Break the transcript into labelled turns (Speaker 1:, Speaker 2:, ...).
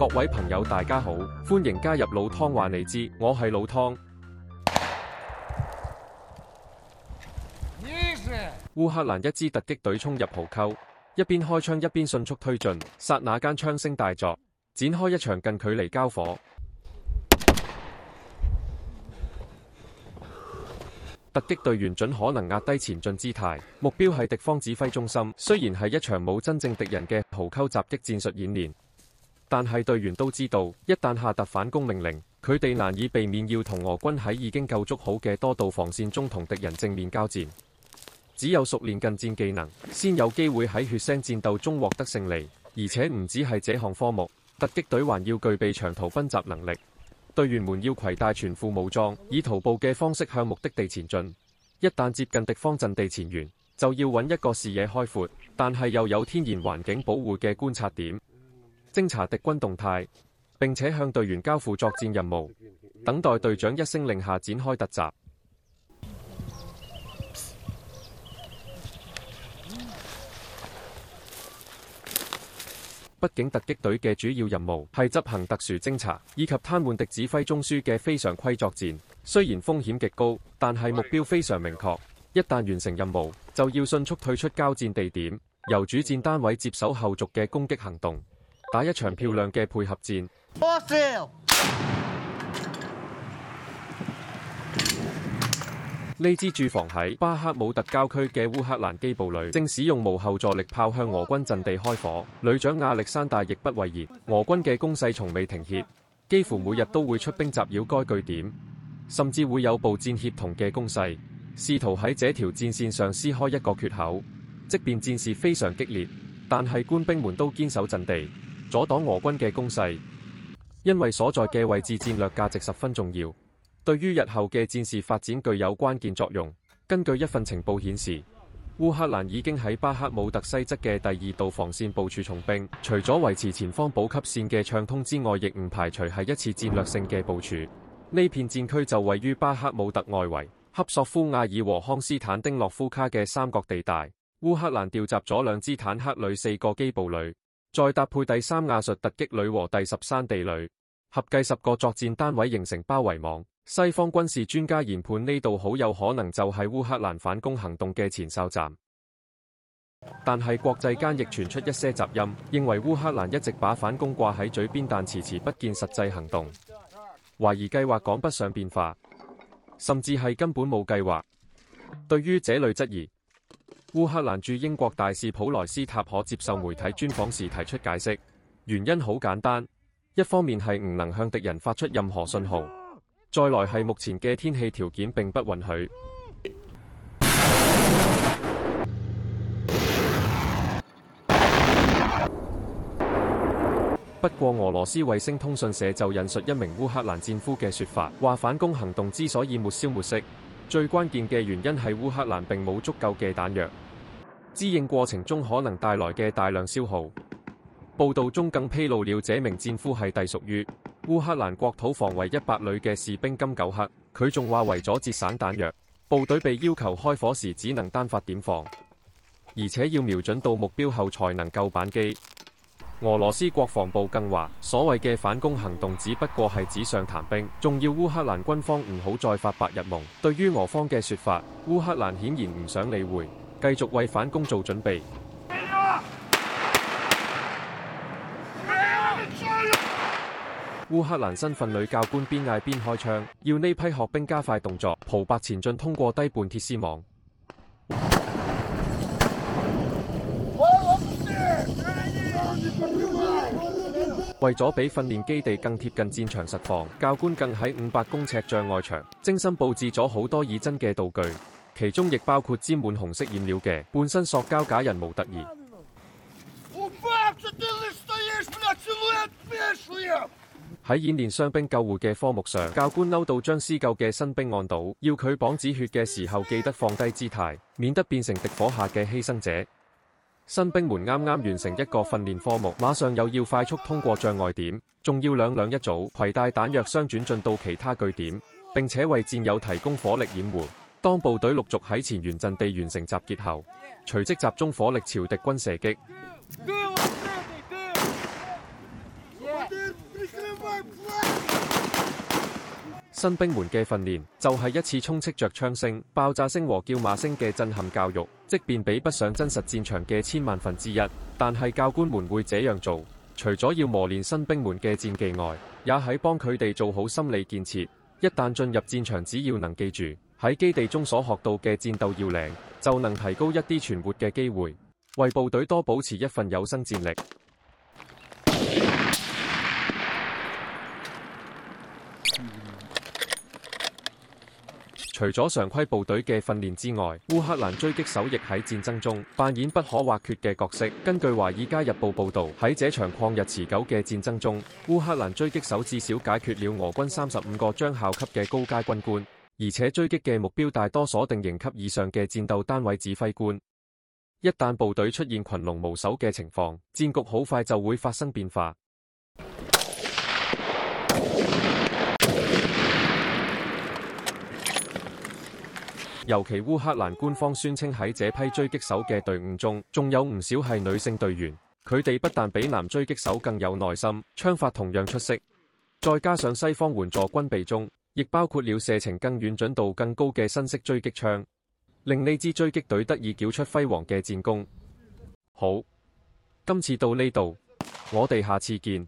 Speaker 1: 各位朋友，大家好，歡迎加入老湯話你知，我係老湯。烏是克蘭一支突擊隊衝入壕溝，一邊開槍一邊迅速推進，剎那間槍聲大作，展開一場近距離交火。突擊隊員盡可能壓低前進姿態，目標係敵方指揮中心。雖然係一場冇真正敵人嘅壕溝襲擊戰術演練。但係隊員都知道，一旦下達反攻命令，佢哋難以避免要同俄軍喺已經構築好嘅多道防線中同敵人正面交戰。只有熟練近戰技能，先有機會喺血腥戰鬥中獲得勝利。而且唔止係這項科目，突擊隊還要具備長途奔襲能力。隊員們要攜帶全副武裝，以徒步嘅方式向目的地前進。一旦接近敵方陣地前沿，就要揾一個視野開闊，但係又有天然環境保護嘅觀察點。偵查敵軍動態，並且向隊員交付作戰任務，等待隊長一聲令下展開突襲。畢 竟，突擊隊嘅主要任務係執行特殊偵查以及癱瘓敵指揮中樞嘅非常規作戰。雖然風險極高，但係目標非常明確。一旦完成任務，就要迅速退出交戰地點，由主戰單位接手後續嘅攻擊行動。打一場漂亮嘅配合戰。呢支駐防喺巴克姆特郊區嘅烏克蘭機步旅正使用無後坐力炮向俄軍陣地開火。旅長亞歷山大亦不諱言，俄軍嘅攻勢從未停歇，幾乎每日都會出兵襲擾該據點，甚至會有步戰協同嘅攻勢，試圖喺這條戰線上撕開一個缺口。即便戰事非常激烈，但係官兵們都堅守陣地。阻擋俄軍嘅攻勢，因為所在嘅位置戰略價值十分重要，對於日後嘅戰事發展具有關鍵作用。根據一份情報顯示，烏克蘭已經喺巴赫姆特西側嘅第二道防線部署重兵，除咗維持前方補給線嘅暢通之外，亦唔排除係一次戰略性嘅部署。呢片戰區就位於巴赫姆特外圍，恰索夫亞爾和康斯坦丁洛夫卡嘅三角地帶。烏克蘭調集咗兩支坦克旅、四個機步旅。再搭配第三亞述突擊旅和第十三地旅，合計十個作戰單位形成包圍網。西方軍事專家研判呢度好有可能就係烏克蘭反攻行動嘅前哨站。但係國際間亦傳出一些雜音，認為烏克蘭一直把反攻掛喺嘴邊，但遲遲不見實際行動，懷疑計劃趕不上變化，甚至係根本冇計劃。對於這類質疑，烏克蘭駐英國大使普萊斯塔可接受媒體專訪時提出解釋，原因好簡單，一方面係唔能向敵人發出任何信號，再來係目前嘅天氣條件並不允許。 不過俄羅斯衛星通訊社就引述一名烏克蘭戰俘嘅說法，話反攻行動之所以沒消沒息。最關鍵嘅原因係烏克蘭並冇足夠嘅彈藥，支應過程中可能帶來嘅大量消耗。報道中更披露了這名戰俘係隸屬於烏克蘭國土防衛一百旅嘅士兵金九克，佢仲話為咗節省彈藥，部隊被要求開火時只能單發點防，而且要瞄準到目標後才能夠扳機。俄羅斯國防部更話，所謂嘅反攻行動只不過係紙上談兵，仲要烏克蘭軍方唔好再發白日夢。對於俄方嘅說法，烏克蘭顯然唔想理會，繼續為反攻做準備。烏克蘭身份女教官邊嗌邊開槍，要呢批學兵加快動作，匍匐前進通過低半鐵絲網。為咗比訓練基地更貼近戰場實況，教官更喺五百公尺障礙場精心布置咗好多以真嘅道具，其中亦包括沾滿紅色染料嘅半身塑膠假人模特兒。喺 演練傷兵救護嘅科目上，教官嬲到將施救嘅新兵按倒，要佢綁止血嘅時候記得放低姿態，免得變成敵火下嘅犧牲者。新兵們啱啱完成一個訓練科目，馬上又要快速通過障礙點，仲要兩兩一組攜帶彈藥箱轉進到其他據點，並且為戰友提供火力掩護。當部隊陸續喺前沿陣地完成集結後，隨即集中火力朝敵軍射擊。新兵們嘅訓練就係一次充斥着槍聲、爆炸聲和叫罵聲嘅震撼教育，即便比不上真實戰場嘅千萬分之一，但係教官們會這樣做，除咗要磨練新兵們嘅戰技外，也喺幫佢哋做好心理建設。一旦進入戰場，只要能記住喺基地中所學到嘅戰鬥要領，就能提高一啲存活嘅機會，為部隊多保持一份有生戰力。除咗常規部隊嘅訓練之外，烏克蘭狙擊手亦喺戰爭中扮演不可或缺嘅角色。根據《華爾街日報》報道，喺這場曠日持久嘅戰爭中，烏克蘭狙擊手至少解決了俄軍三十五個將校級嘅高階軍官，而且狙擊嘅目標大多鎖定營級以上嘅戰鬥單位指揮官。一旦部隊出現群龍無首嘅情況，戰局好快就會發生變化。尤其烏克蘭官方宣稱喺這批狙擊手嘅隊伍中，仲有唔少係女性隊員。佢哋不但比男狙擊手更有耐心，槍法同樣出色。再加上西方援助軍備中，亦包括了射程更遠、準度更高嘅新式狙擊槍，令呢支狙擊隊得以繳出輝煌嘅戰功。好，今次到呢度，我哋下次見。